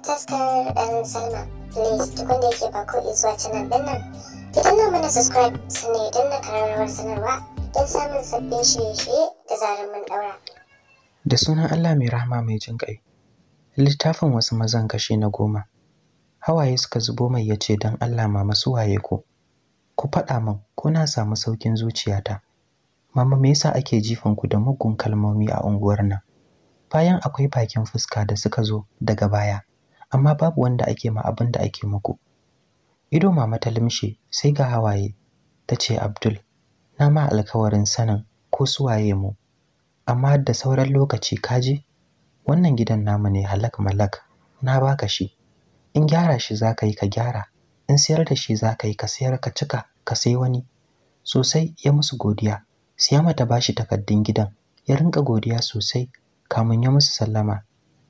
taskar ɗan salma please duk wanda yake ba ko zuwa canal nan ki danna mana subscribe sannan idan na kararrawar sanarwa don samun sabbin shirye-shirye da zarar mun ɗaura. da sunan allah mai rahama mai jin ƙai littafin wasu mazan kashe na goma hawaye suka zubo mai ya ce don allah mama su waye ku ku faɗa min ko na samu saukin zuciyata mama me yasa ake jifan ku da mugun kalmomi a unguwar nan bayan akwai bakin fuska da suka zo daga baya amma babu wanda ake ma abin da ake muku ido mama ta limshe sai ga hawaye ta ce abdul na ma alkawarin sanin ko su waye mu amma da sauran lokaci ka je? wannan gidan namu ne halak malak na baka shi in gyara shi za ka yi ka gyara in sayar da shi za ka yi ka sayar, ka cika ka sai wani sosai ya musu godiya siyama ta bashi takardun gidan ya rinka godiya sosai kamun ya musu sallama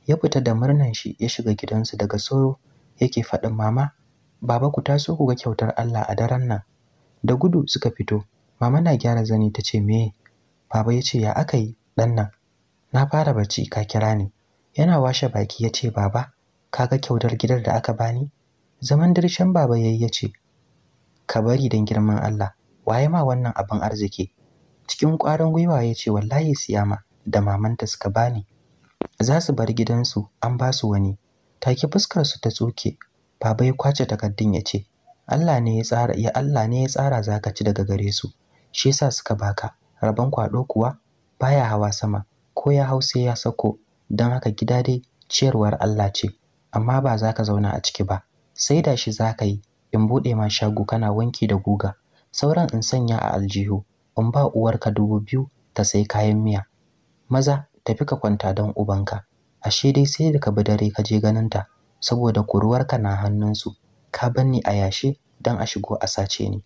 ya fita da murnan shi ya shiga gidansu daga soro yake faɗin mama baba ku taso ku ga kyautar Allah a daren nan da gudu suka fito mama na gyara zani ta ce me baba ya ce ya aka yi ɗan nan na fara bacci ka kira ni yana washe baki ya ce baba ka ga kyautar gidan da aka bani zaman dirshan baba yayi ya ce ka bari don girman Allah waye ma wannan abin arziki cikin ƙwarin gwiwa ya ce wallahi siyama da mamanta suka bani za su bar gidansu an ba su wani take fuskar su ta tsoke baba ya kwace takardun ya ce Allah ne ya tsara ya Allah ne ya tsara zaka ci daga gare su shi yasa suka baka rabon kwado kuwa baya hawa sama ko ya hau sai ya sako don haka gida dai ciyarwar Allah ce amma ba za ka zauna a ciki ba sai da shi za ka yi in buɗe ma shago kana wanki da guga sauran in sanya a aljihu in ba uwarka dubu biyu ta sai kayan miya maza tafi ka kwanta don ubanka ashe dai sai da ka bi dare ka je ganinta saboda kuruwarka na hannunsu ka banni a yashe don a shigo a sace ni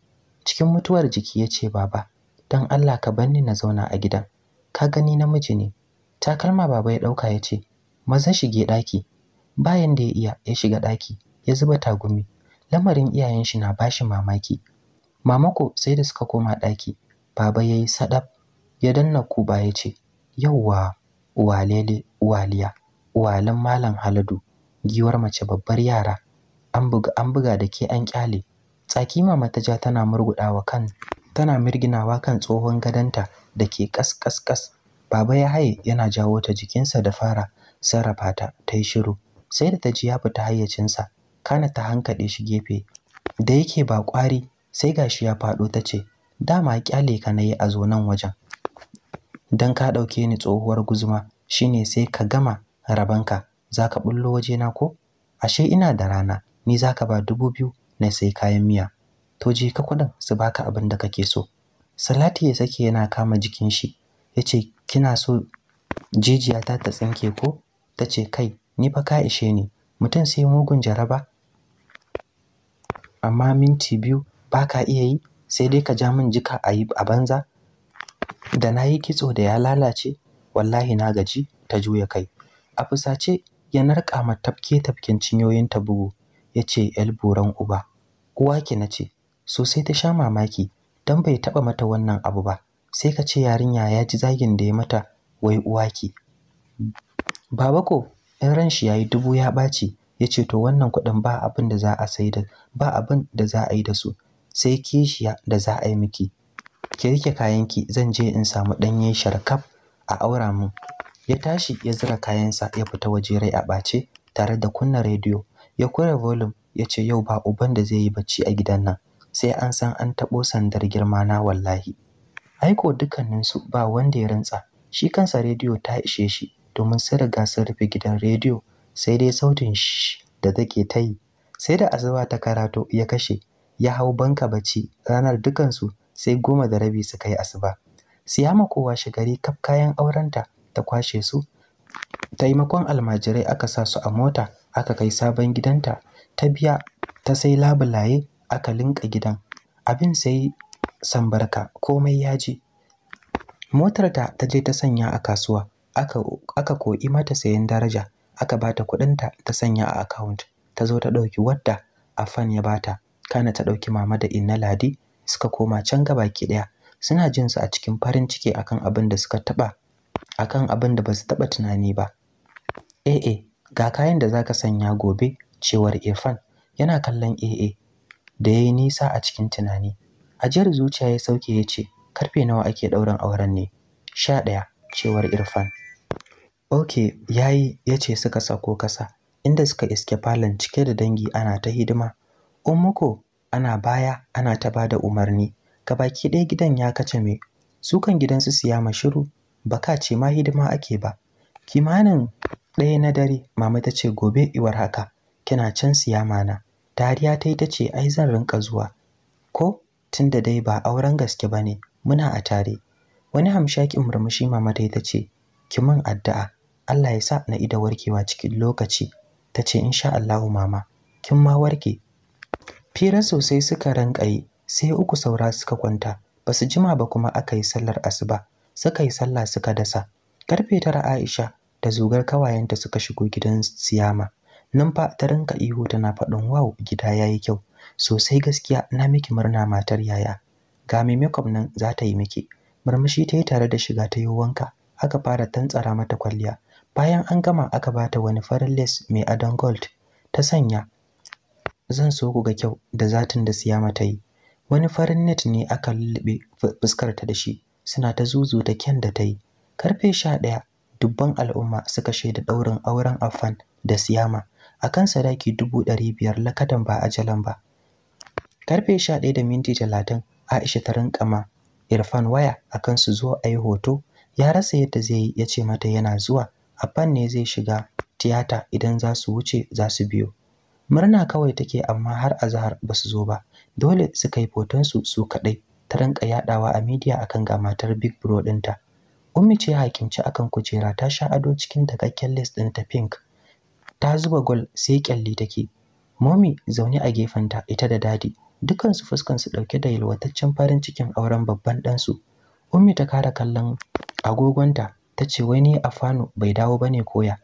cikin mutuwar jiki ya ce baba don Allah ka banni na zauna a gidan ka gani namiji ne takalma baba ya ɗauka ya ce maza shige ɗaki bayan da ya iya ya shiga ɗaki ya zuba tagumi lamarin iyayen shi na bashi mamaki mamako sai da suka koma ɗaki baba ya yi saɗaf ya danna kuba ya ce yauwa walele waliya walan malam haladu giwar mace babbar yara an buga an buga da ke an kyale tsaki mama ta ja tana murgudawa kan tana mirginawa kan tsohon gadanta da ke kas baba ya haye yana jawo ta jikinsa da fara sarrafa ta ta yi shiru sai da ta ji ya fita hayyacinsa kana ta hankaɗe shi gefe da yake ba ƙwari sai gashi ya faɗo ta ce dama kyale ka na yi a zo nan wajen don ka ɗauke ni tsohuwar guzuma shine sai ka gama rabanka za ka ɓullo wajena ko ashe ina da rana ni za ka ba dubu biyu na sai kayan miya to je ka kuɗin su baka abin da kake so salati ya sake yana kama jikin shi ya ce kina so jijiyata ta tsinke ko ta ce kai ni fa ka ishe ni mutum sai mugun jaraba amma minti biyu baka iya yi sai dai ka ja min jika a yi a banza da na yi kitso da ya lalace wallahi na gaji ta juya kai a fusace ya narka ma tafke tafken ta bugu ya ce elburan uba uwa ki na ce sosai ta sha mamaki don bai taɓa mata wannan abu ba sai ka ce yarinya ya ji zagin da ya mata wai uwa ki baba ko in ran shi yayi dubu ya ɓaci ya ce to wannan kuɗin ba abin da za a sai ba abin da za a yi da su sai kishiya da za a yi miki ki rike kayanki zan je in samu ɗanye sharkaf a aura min ya tashi ya zira kayansa ya fita waje rai a ɓace tare da kunna rediyo ya kure volume ya ce yau ba uban da zai yi bacci a gidan nan sai an san an taɓo sandar girma na wallahi aiko dukkaninsu ba wanda ya rantsa shi kansa rediyo ta ishe shi domin sai riga sun rufe gidan rediyo sai dai sautin shi da take ta yi sai da asuba ta karato ya kashe ya hau banka bacci ranar dukansu sai goma da rabi suka yi asuba siyama kowa shigari kaf kayan aurenta ta kwashe su taimakon almajirai aka sa su a mota aka kai sabon gidanta ta biya ta sai labulaye aka linka gidan abin sai sambarka komai ya ji motarta ta je ta sanya a kasuwa aka, aka mata sayan daraja aka bata kudinta ta sanya a account ta zo ta ɗauki wadda a fan ya bata kana ta ɗauki mama da inna ladi suka koma can gaba ki daya suna jin su a cikin farin ciki akan abin da suka taba akan abin da ba su taba tunani ba AA eh, eh, ga kayan da zaka sanya gobe cewar Irfan yana kallon AA eh, da yayi nisa a cikin tunani ajiyar zuciya ya sauke ya ce karfe nawa ake ɗaurin auren ne sha ɗaya cewar Irfan Ok, yayi ya ce suka sako kasa inda suka iske falon cike da dangi ana ta hidima. Ummuko ana baya ana ta bada umarni baki ɗaya gidan ya kace me su kan gidansu ma shiru baka ce ma hidima ake ba kimanin ɗaya na dare mama ta ce gobe iwar haka kina can siya mana. dariya ta yi ta ce ai zan rinka zuwa ko tunda dai ba auren gaske ba ne muna a tare wani hamshakin murmushi mama ta yi ta ce ki min addu'a Allah ya sa na ida warkewa cikin lokaci ta ce insha Allahu mama kin ma warke fira sosai suka rankaye sai uku saura suka kwanta ba su jima ba kuma aka yi sallar asuba suka yi sallah suka dasa karfe tara aisha da zugar kawayenta suka shigo gidan siyama nan fa ta rinka ihu tana faɗin wow gida ya yi kyau sosai gaskiya na miki murna matar yaya ga mai nan za ta yi miki murmushi ta yi tare da shiga ta yi wanka aka fara tantsara mata kwalliya bayan an gama aka bata wani farin lace mai adon gold ta sanya zan so ku ga kyau da zatin da siyama ta yi wani farin net ne aka lullube fuskarta da shi suna ta zuzu da kyan da ta yi karfe sha ɗaya dubban al'umma suka shaida ɗaurin auren afan da siyama a kan sadaki dubu ɗari biyar lakatan ba a jalan ba karfe sha ɗaya da minti talatin aisha ta rinka ma irfan waya a kan su zuwa a yi hoto ya rasa yadda zai yi ya ce mata yana zuwa afan ne zai shiga tiyata idan za su wuce za su biyo murna kawai take amma har azahar ba su zo ba dole su kai fotonsu su kaɗai ta rinka yaɗawa a midiya akan ga matar big bro ɗinta ummi ce hakimci akan kujera ta sha ado cikin takakken les ɗinta pink ta zuba gol sai kyalli take momi zaune a gefenta ita da dadi dukansu su ɗauke da yalwataccen farin cikin auren babban ɗansu ummi ta kara kallon agogonta ta ce wai ni a fano bai dawo bane koya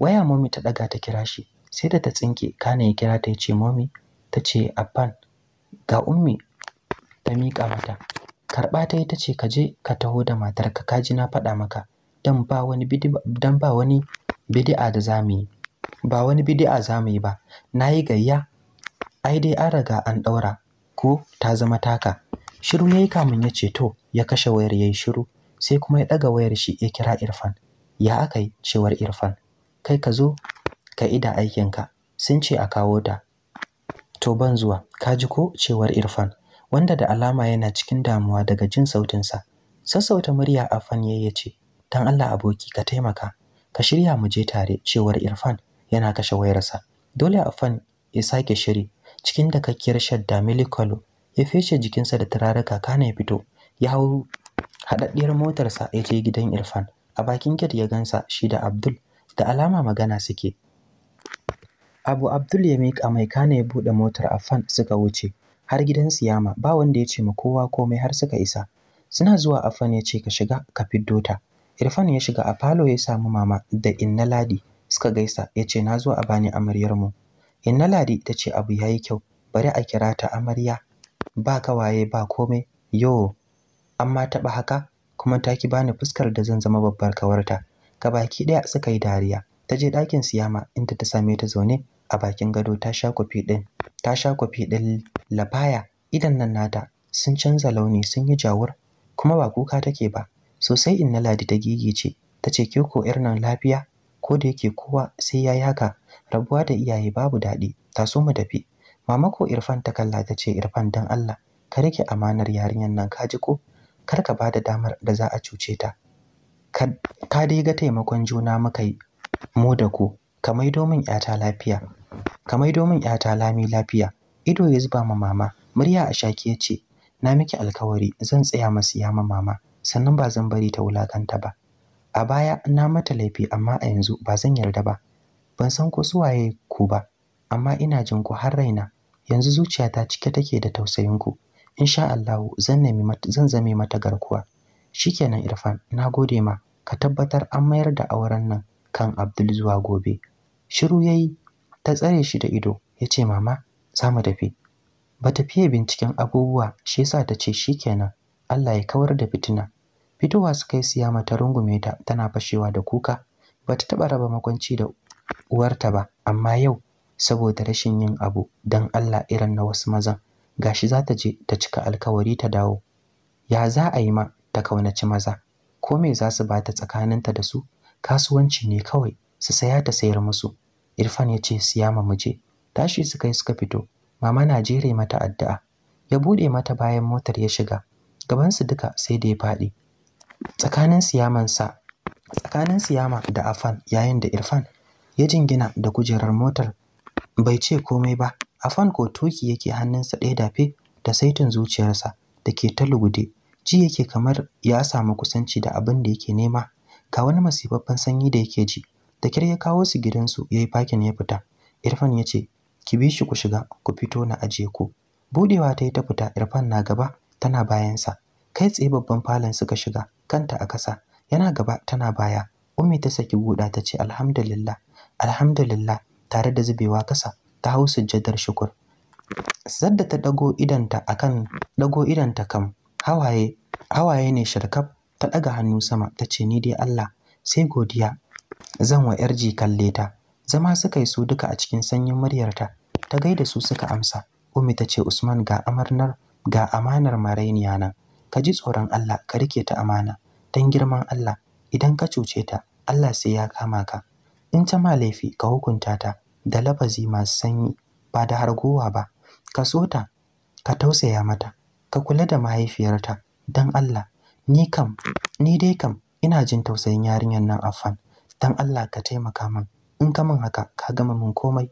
waya momi ta ɗaga ta kira shi sai da ta tsinke kana ya kira ta ce ta ce abban ga ummi ta miƙa mata karɓa ta yi ta ce ka je ka taho da matarka ka ji na faɗa maka dan ba wani dan ba wani bid'a da zamu yi ba wani bid'a zamu yi ba nayi gayya ai dai an raga an ɗaura ko ta zama taka shiru yayi kamun ya ce to ya kashe wayar yayi shiru sai kuma ya ɗaga wayar shi ya kira Irfan ya aka yi cewar Irfan kai ka zo ka ida aikinka sun ce a kawo ta to ban zuwa ka ji ko cewar irfan wanda da alama yana cikin damuwa daga jin sautinsa sassauta murya afan ya ce dan allah aboki ka taimaka ka shirya mu je tare cewar irfan yana kashe wayarsa dole afan ya sake shiri cikin dakakkiyar shadda milikolo ya feshe jikinsa da turaruka kana ya fito ya hau haɗaɗɗiyar motarsa ya je gidan irfan a bakin gate ya gansa shi da abdul da alama magana suke Abu Abdul ya mika mai kana ya buɗe motar Affan suka wuce har gidan Siyama ba wanda ya ce ma kowa komai har suka isa. Suna zuwa Affan ya ce ka shiga ka fiddo ta. Irfan ya shiga a falo ya samu mama da Inna Ladi suka gaisa ya ce na zo a bani amaryar mu Inna Ladi ta ce abu ya yi kyau bari a kira ta amarya ba kawaye ba komai yo amma taɓa haka kuma ta ki bani fuskar da zan zama babbar kawarta. Ka baki ɗaya suka yi dariya ta je ɗakin Siyama inda ta same ta zaune a bakin gado ta sha kwafi ɗin ta sha kwafi ɗin labaya idan nan nata sun canza launi sun yi jawur kuma ba kuka take ba sosai in na ladi ta gigice ta ce ke ko nan lafiya ko da yake kowa sai yayi haka rabuwa da iyaye babu daɗi ta so mu tafi mama ko irfan ta kalla ta ce irfan dan Allah ka rike amanar yarinyar nan ka ji ko kar ka bada damar da za a cuce ta ka dai ga taimakon juna muka yi mu da ku ka maido min ƴata lafiya ka maido min ƴata lami lafiya ido ya zuba ma mama murya a shaki ya ce na miki alkawari zan tsaya masu yama mama sannan ba zan bari ta wulakanta ba a baya na mata laifi amma a yanzu ba zan yarda ba ban san ko waye ku ba amma ina jin ku har raina yanzu zuciyata cike take da tausayin ku insha Allah zan nemi zan zame mata garkuwa shikenan Irfan nagode ma ka tabbatar an mayar da auren nan kan Abdul zuwa gobe Shiru ya yi ta tsare shi da ido ya ce mama za mu tafi. Ba ta fiye binciken abubuwa shi yasa ta ce shi kenan Allah ya kawar da fitina. Fitowa suka yi siya mata rungume ta tana fashewa da kuka. Ba ta taɓa raba makwanci da uwarta ba amma yau saboda rashin yin abu don Allah irin na wasu mazan gashi za ta je ta cika alkawari ta dawo. Ya za a yi ma ta kaunaci maza ko me za su bata tsakaninta da su kasuwanci ne kawai su saya ta sayar musu irfan ya ce siya ma muje tashi suka yi suka fito mama na jere mata addu'a ya bude mata bayan motar ya shiga gabansu duka sai da ya faɗi tsakanin sa. tsakanin siyama da afan yayin da irfan ya jingina da kujerar motar bai ce komai ba afan ko toki yake hannunsa ɗaya dafe da saitin zuciyarsa da ke ta lugude ji yake kamar ya samu kusanci da abin da yake nema ga wani masifaffen sanyi da yake ji da ya kawo su gidansu ya yi fakin ya fita irfan ya ce ki bi shi ku shiga ku fito na ajiye ku budewa ta yi ta fita irfan na gaba tana bayansa kai tsaye babban falon suka shiga kanta a ƙasa yana gaba tana baya ummi ta saki buɗa ta ce alhamdulillah alhamdulillah tare da zubewa kasa ta hau sujjadar shukur sadda ta dago idanta akan dago idanta kam hawaye ne sharkaf ta ɗaga hannu sama ta ce ni dai Allah sai godiya zan wa yar kalle ta zama suka yi su duka a cikin sanyin muryarta ta gaida su suka amsa Umi ta ce usman ga amarnar ga amanar marainiya nan ka ji tsoron allah ka rike ta amana don girman allah idan ka cuce ta allah sai ya kama ka in ta ma laifi ka hukunta ta da lafazi masu sanyi ba da hargowa ba ka so ta ka tausaya mata ka kula da mahaifiyarta don allah ni kam ni dai kam ina jin tausayin yarinyar nan afan dan Allah ka taimaka min in ka min haka ka gama min komai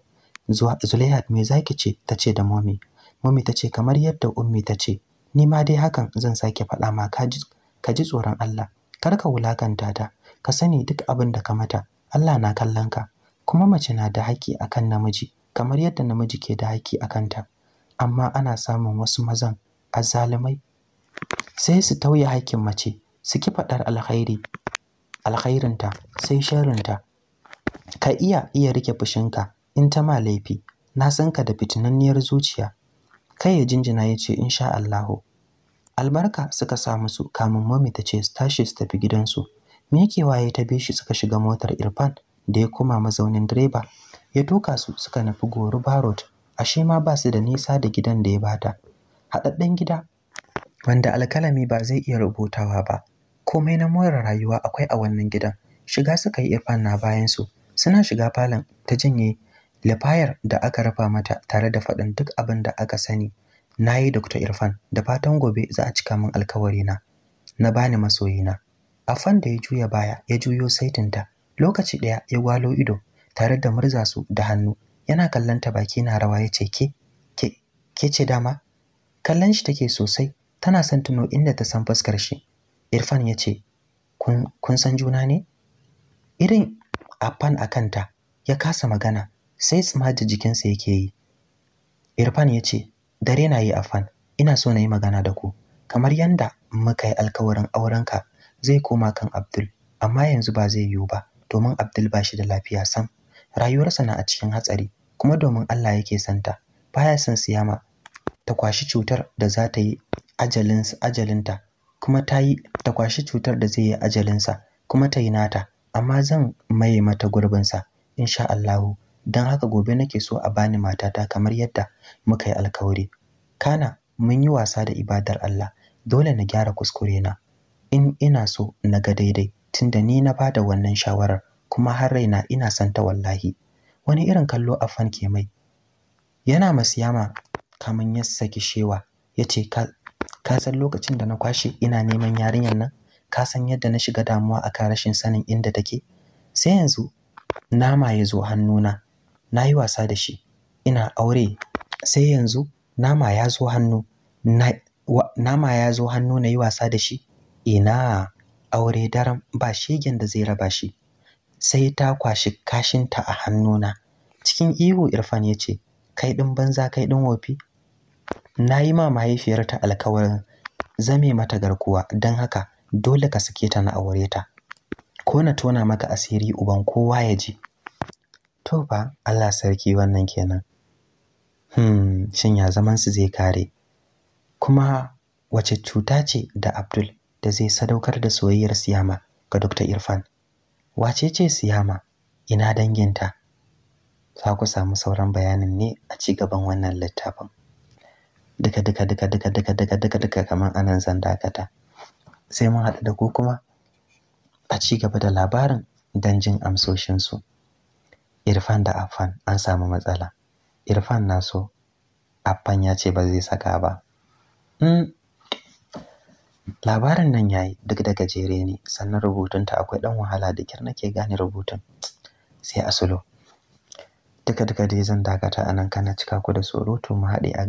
zuwa Zulaihat me zaki ce tace da mommy mommy tace kamar yadda ummi ta ce. ni ma dai hakan zan sake faɗa ma ka ji ka ji tsoron Allah kar ka wulakanta ta ka sani duk abin da ka mata Allah na kallon ka kuma mace na da haƙƙi akan namiji kamar yadda namiji ke da haƙƙi akan ta amma ana samun wasu mazan azzalumai sai su tauye haƙƙin mace su ki faɗar alkhairi alkhairinta sai sharinta ka iya iya rike fushinka in ta ma laifi na san ka da fitinanniyar zuciya kai ya jinjina ya ce sha Allahu albarka suka sa musu kamun mami ta ce tashi su tafi gidansu me yake ya ta bi shi suka shiga motar Irfan da ya koma mazaunin direba ya tuka su suka nufi Goru barot ashe ma ba su da nisa da gidan da ya bata haɗaɗɗen gida wanda alkalami ba zai iya rubutawa ba komai na more rayuwa akwai a wannan gidan shiga suka yi irfan na bayan su suna shiga falon ta janye lafayar da aka rafa mata tare da faɗin duk abin da aka sani na yi dr irfan da fatan gobe za a cika min alkawarina na Na bani masoyina afan da ya juya baya ya juyo saitinta lokaci ɗaya ya gwalo ido tare da murza su da hannu yana kallon ta baki na rawa ya ce ke ke ce dama kallon shi take sosai tana son tuno inda ta san fuskar shi Irfan ya ce, Kun san juna ne? Irin Affan a kanta ya kasa magana sai tsimaji jikinsa yake yi. Irfan ya ce, Dare na yi a Affan, ina so na yi magana da ku, kamar yadda muka yi alkawarin aurenka zai koma kan Abdul, amma yanzu ba zai yiwu ba, domin Abdul ba shi da lafiya sam. Rayuwarsa na a cikin hatsari, kuma domin Allah yake santa, baya son siyama ta kwashi cutar da za ta yi ajalinta kuma ta yi ta kwashi cutar da zai yi ajalinsa kuma ta yi nata amma zan maye mata gurbinsa insha Allahu don haka gobe nake so a bani matata kamar yadda muka yi alkawari kana mun yi wasa da ibadar Allah dole na gyara kuskure na in ina so na ga daidai tunda ni na bada wannan shawarar kuma har raina ina son ta wallahi wani irin kallo afan ke mai yana masiyama kaman ya saki shewa yace ka san lokacin da na kwashe ina neman yarinyar nan ka san yadda na shiga damuwa akan rashin sanin inda take sai yanzu nama ya zo hannuna na yi wasa da shi ina aure sai yanzu nama ya zo hannu na nama ya zo hannu na yi wasa da shi ina aure daram ba shegen da zai raba shi sai ta kwashi kashinta a hannuna cikin ihu irfan ya ce kai ɗin banza kai ɗin wofi na yi ma mahaifiyarta alkawarin zame mata garkuwa don haka dole ka sake ta na aure ta ko na tona maka asiri uban kowa ya ji to fa Allah sarki wannan kenan hmm shin ya zaman su zai kare kuma wace cuta ce da Abdul da zai sadaukar da soyayyar Siyama ga Dr. Irfan wace ce Siyama ina danginta za ku samu sauran bayanin ne a ci gaban wannan littafin duka duka duka duka duka duka duka duka kamar anan zan dakata sai mun haɗu da ku kuma a ci gaba da labarin don jin amsoshinsu irfan da afan an samu matsala irfan na so affan ya ce ba zai saka ba hmm, labarin nan yayi duk da gajere ne sannan rubutunta akwai ɗan wahala da kyar nake gane rubutun sai a sulo duka duka dai zan dakata anan kana cika ku da surutu mu haɗe a